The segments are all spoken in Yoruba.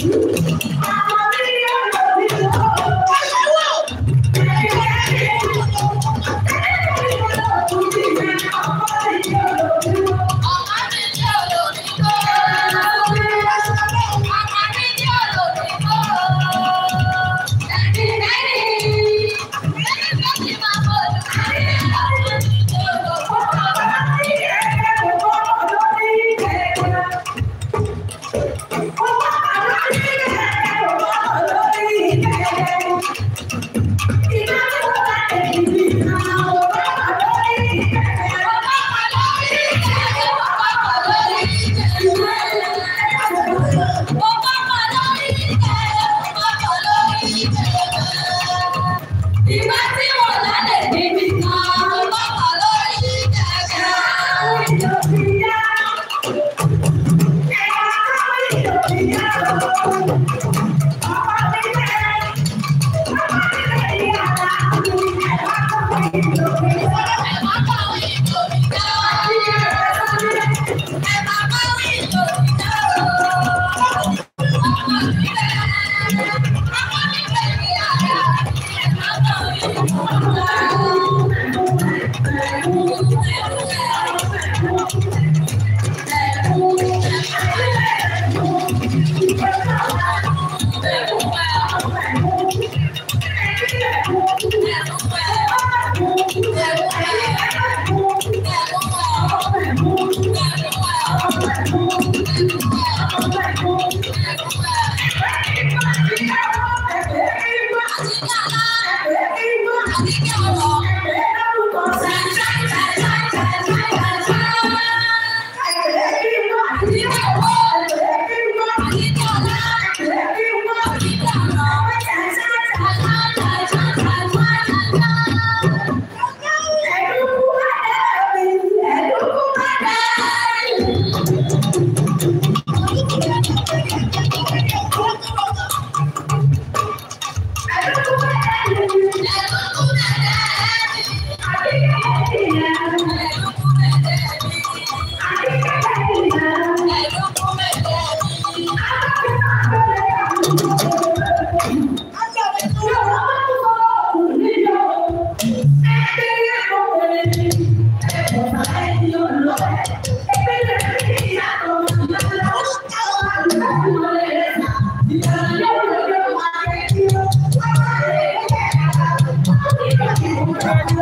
Thank you.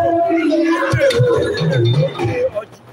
ọjọ́.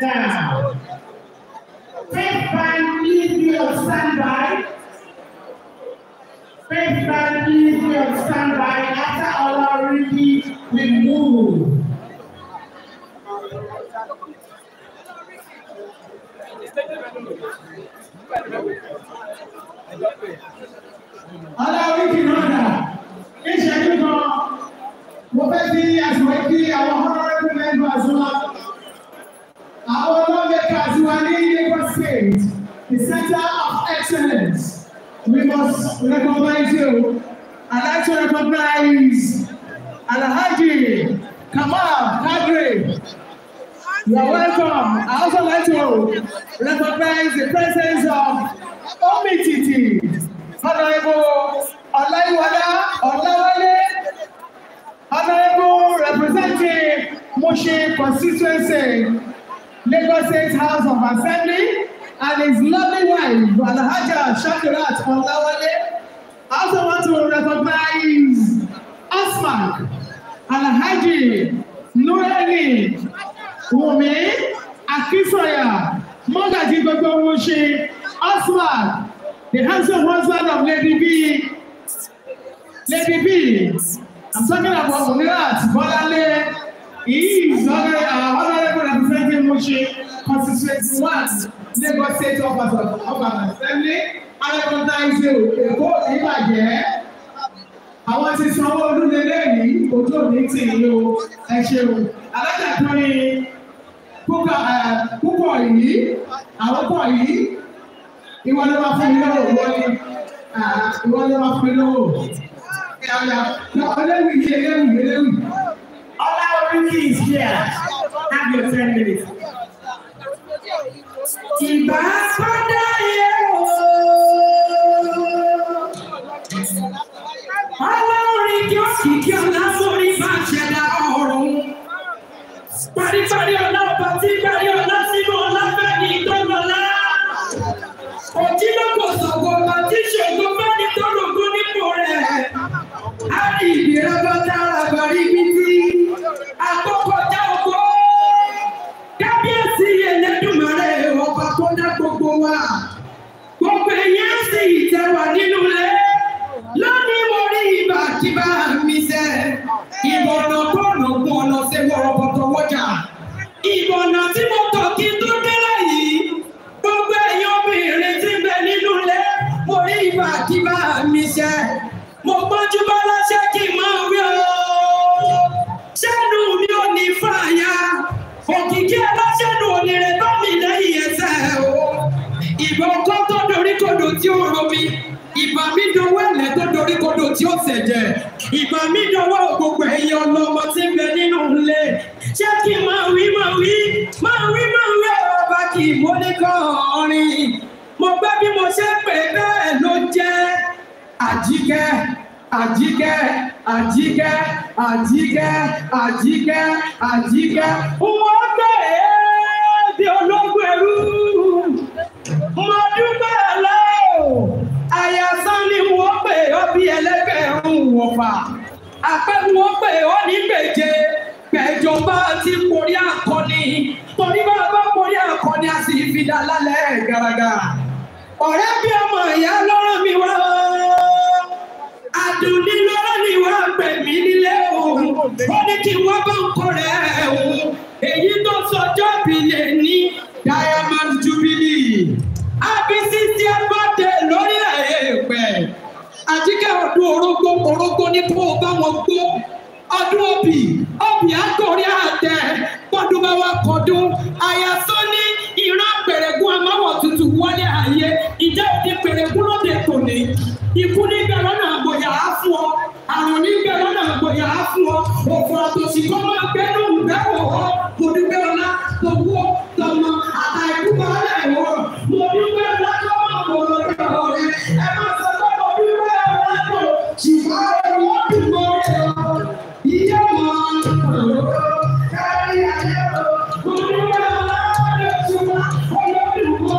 嗯。we must recognize you. I'd like to recognize Alhaji Kamal Kadri. You are welcome. I also like to recognize the presence of Omititi, Honorable Olaiwada, Olawale, Honorable representing Moshe Constituency, Lagos State House of Assembly and his lovely wife, Alhaja Shakirat Olawale. I also want to recognize Asmak, Alhaji, Nureni, Wumi, Akisoya, Magaji Gogomushi, Asmak, the handsome husband of Lady B. Lady B. I'm talking about Onirat Bolale. He is honorable representing Mushi, Constituency 1. Lagos State Office of an Assembly Alẹ́kọ̀ntàìsẹ̀ Èkó Ìbàjẹ́. Àwọn ti sanwó olúlélẹ́ yìí ojú òní ti lo ẹ̀ṣẹ̀ o. Alájà tó ní púpọ̀ yìí, àwọn pọ̀ yìí, ìwọ ló máa fún mi lọ́wọ́ wọlé, ìwọ ló máa fún mi lọ́wọ́. Ọlẹ́wì yìí, ẹlẹ́wì, ẹlẹ́wì. Ọlá orí kì í ṣe à, have your ten minutes. Ìbá tó dáyé. Àjíkẹ́ Àjíkẹ́ Àjíkẹ́ Àjíkẹ́ wọ́n gbèrè di ológun ẹrú mo dúpẹ́ lọ àyàsán ni wọ́n pè ọ́ bí ẹlẹ́gbẹ́ ń wọ̀fà àpẹ́wò pè ọ́ ní gbèje gbẹ̀jọba ti porí akọni torí bá a bá porí akọni a sì fi dá lálẹ́ gàràgà ọ̀rẹ́ bí ọmọ ìyá lọ́rọ̀ mi wá adùn nílò wá pè mí nílé òun ó ní kí wọ́n bá ń kọ́ rẹ̀ òun èyí tó sọjọ́ bí lè ní diamond jubilee happy sixtieth birthday lórí ẹ̀ẹ́pẹ̀ àjíkẹ́ ọdún orógbó orógbó ní kó o bá wọn gbó ọdún òbí òbí àkórí àtẹ gbọdún bá wa kọdún àyàsọ ní ìran pèrègùn amáwọ tuntun wọlé ayé ìjẹ́ òde pèrègùn lóde tòní ikú níbẹ̀ lọ́nà àgbòyà á fún ọ àrùn níbẹ̀ lọ́nà gbòòyà á fún ọ òfò àtòsí kọ́ máa gbẹ́ lóhùn bẹ́ẹ̀ wò ó kò dúpẹ́ ọlá tó wó tọmọ àtàkù bàálẹ̀ wò ó mo dúpẹ́ ọlá tó máa wò ó lọ́dọ̀ ọ̀rẹ́ ẹ máa sọ pé mo dúpẹ́ ọlá tó ṣùgbọ́n ẹ wọ́n bí mo rẹ̀ ọ iye mọ́ kárí ayé o mo dúpẹ́ ọlá tó ṣùgbọ́n ọlọ́dún mo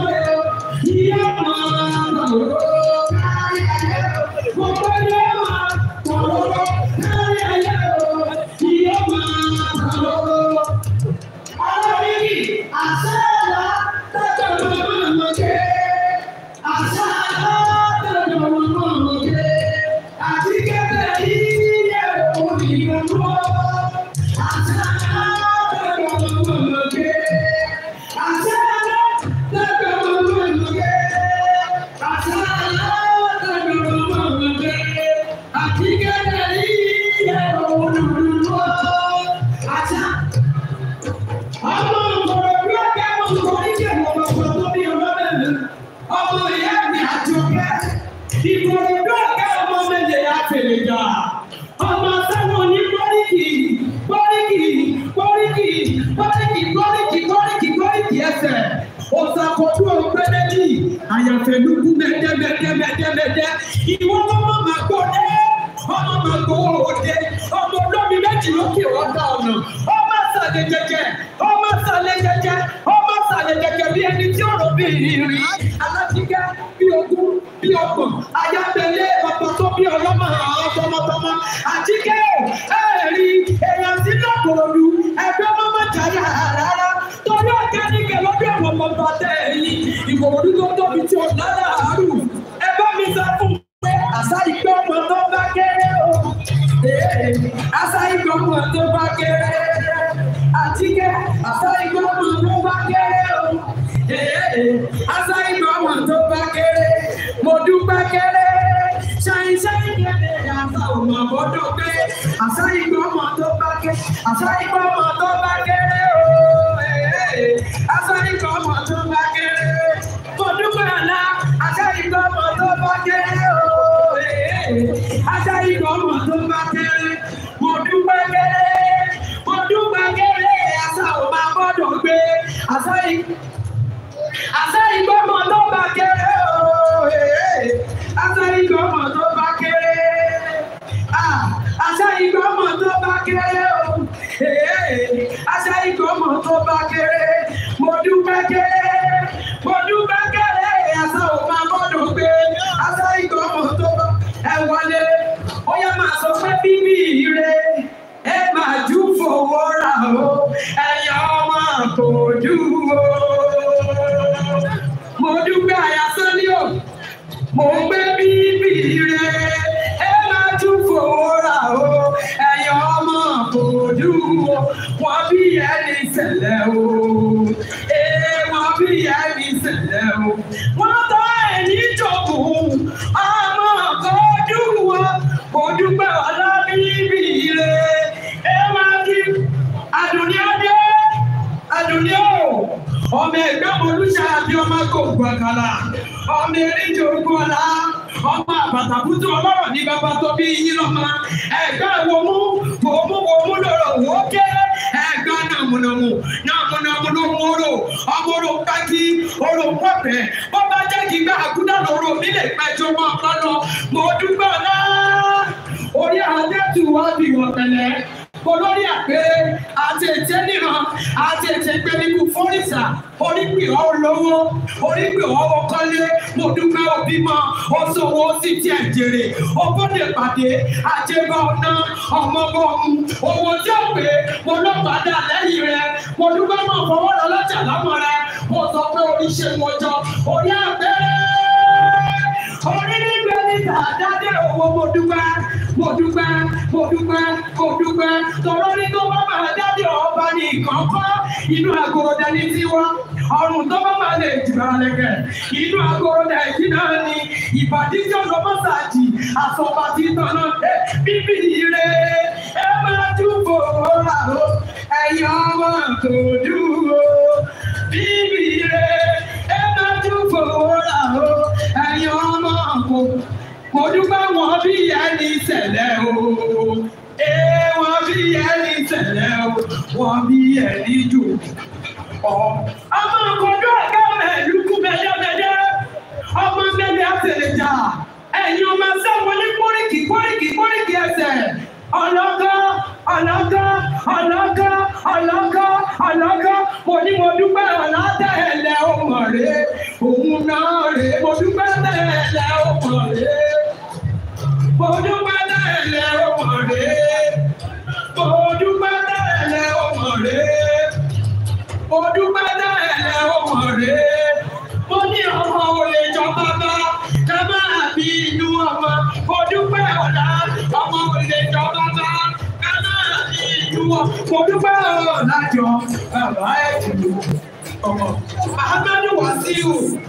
àyànfẹ́lúkú mẹ́tẹ́mẹ́tẹ́mẹ́tẹ́mẹ́tẹ́ ìwọ ọmọ màá gbọ́ dé ọmọ màá gbọ́ òde ọmọ olómi méjì lókè ọ̀dà ọ̀nà ọmọ àṣàlẹ̀ jẹjẹ ọmọ àṣàlẹ̀ jẹjẹ ọmọ àṣàlẹ̀ jẹjẹ bí ẹni tí ọ̀rọ̀ bí ìrìn alájíkẹ́ bí ogún bí ọgbọ̀n ayábẹ̀lẹ̀ ọ̀pọ̀ tó bí ọlọ́mọ àwọn tọmọtọmọ àjíkẹ́ ẹ̀rí èèyàn sí lọ́kọ̀ọ́lù ẹgbẹ́ mọ́mọ́ jáyà rárá torí ọ̀gá nígbà lọ́dọ̀ ẹ̀wọ̀n mọ́tò àtẹ̀yìn ìkòròdú tó adé oníjì orúkọ ọ̀la ọmọ àbàtàkùtù ọlọ́rọ̀ ní bàbá tó bí yín lọ́mọ ẹ̀gbẹ́ wòmú wòmú wòmú lọ́rọ̀ wòókè ẹ̀gbẹ́ nàmúnàmú nàmúnàmú ló mú oró ọmọ oró pátí oró pọ̀pẹ́ ó bá jẹ́ kí gbá àkúdà lọ́rọ̀ mi lè pẹ́jọ́ mọ́ ọ̀pọ̀lọ́ mo dúpẹ́ ọ̀la orí àdẹ́tù wá bì wọ̀tẹ̀lẹ̀ olórí àpẹẹrẹ àti ètè níran àti ètè gbẹ̀míkù fọ́nìṣà orígbì ọ́ lówó orígbì ọ́ kọ́lé mo dúpẹ́ òbímọ oṣòwò sì ti ẹ̀jèrè ọgbọ́dẹ pàdé àjẹbá ọ̀nà ọmọ ọmọ owó tí ó pè mo lọ padà lẹ́yìn rẹ mo dúpẹ́ mọ̀ fọwọ́ lọ lọ́jà lámọ̀ rẹ mo sọ pé oríṣẹ́ mọ́jọ orí àgbẹ̀rẹ̀ orí nígbẹ̀míkà dáadé owó mo dúpẹ́ mo dúpẹ́ mo dúpẹ́ mo dúpẹ́ tọ̀rọ̀ ní tó bá máa jáde ọba ní ìkọ̀ọ̀kan inú àgọ́dẹ ní tiwa ọrùn tó bá máa lè jìbà lẹ́kẹ̀ inú àgọ́dẹ ìdíná ni ìbàdí tí ọ̀sán bá sàjì àsọ̀bà ti tọ̀nà bíbí ire ẹ máa dúpọ̀ ọ̀rà o ẹ̀yà ọmọ tó dúró bíbí ire ẹ máa dúpọ̀ ọ̀rà o ẹ̀yà ọmọ kò mo dúpẹ́ wọn bí ìyá ní ìṣẹ̀lẹ̀ o ee wọn bí ìyá ní ìṣẹ̀lẹ̀ o wọn bí ìyá ní jù ọ. ọmọ kọjú ọ̀gá mẹ́ẹ̀lúkú mẹ́jọ́mẹ́jọ́ ọmọ mẹ́lẹ̀ àtẹ̀lẹ̀jà ẹ̀yin ọmọ sẹ́wọ̀n ní kórìkì kórìkì kórìkì ẹsẹ̀ ọlọ́gọ́ ọlọ́gọ́ ọlọ́gọ́ ọlọ́gọ́ ọlọ́gọ́ mo ní mo dúpẹ́ ọ̀làdá. filho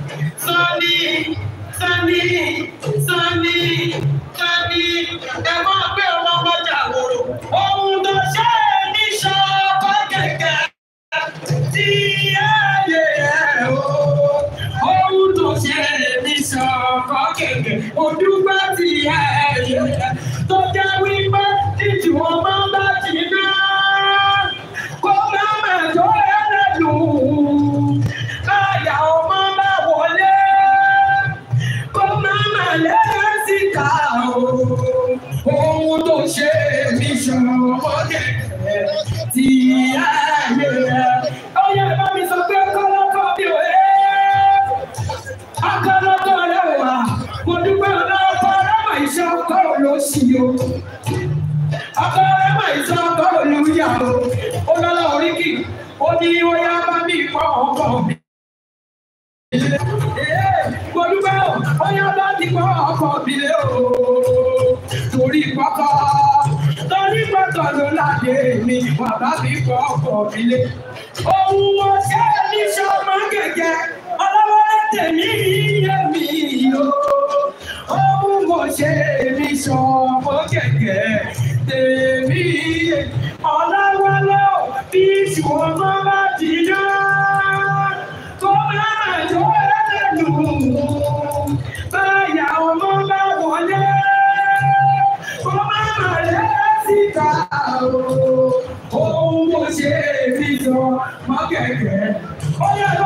ìṣe ọgọ́rùn ló sì yó ọgọ́rùn mọ̀ ìṣe ọgọ́rùn ló yà ó ó lọ́lá oríkì ó ní ó yá bá mi kọ́ ọkọ̀ mi. Olúgbẹ́ ò bóyá bá ti kọ́ ọkọ̀ mi lé o torí pápá torí pápá ló láde mi bàbá mi kọ́ ọkọ̀ mi lé. Òun wo ṣé ní sọ́mọ́ gẹ̀gẹ́ ọlọ́wọ́ tèmi yíyẹ mi yìí o ṣe èmi sàn kẹ̀kẹ́ tèmi ọ̀làwọ̀lọ́ bí ṣùgbọ́n bá ti dá tó bá jọ ẹlẹ́dùn báyà ọmọ bá wọlé tó bá mà lé síta o ohun mo ṣe èmi sàn kẹ̀kẹ́ ó yẹ.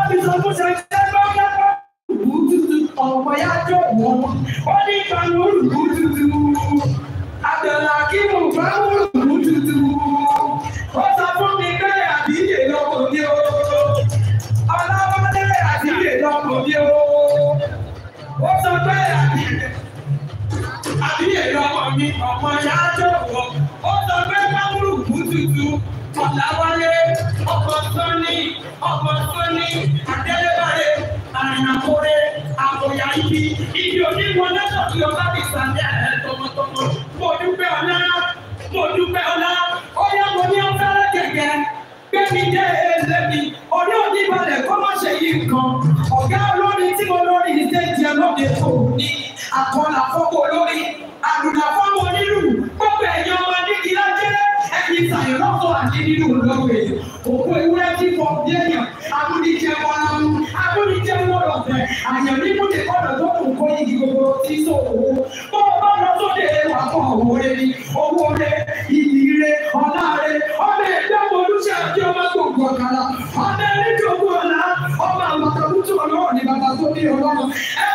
Anakore, Akoya ibi. Ibi òní wọn lọ́dọ̀ tí o bá fi sàlẹ̀ ẹ̀ tọmọtọmọ. Mo dúpẹ́ ọlá, mo dúpẹ́ ọlá. Ó yẹ mo ní ọ̀fẹ́rẹ́ kẹ̀kẹ́. Gbẹ́mi jẹ́ ẹlẹ́mi. Orí òní balẹ̀ kọ́ má ṣe yí nǹkan. Ọ̀gá olórin tí mo lórí ìdíje lóde kò ní. Àkọlà fọ́kọ̀ olórí. Àdùnnà fọ́kọ̀ onírù. Gbọ́dọ̀ ẹ̀yọ́ ọmọ nídìí lájẹ́. Ẹ̀yin sàyẹ̀ lọ́kọ̀ àdínírù lóore. ọ̀la ọ̀bẹ ní tòkú ọ̀la ọba àbàtàkùtù ọlọ́run ní bàbá tó bí ọlọ́run ẹ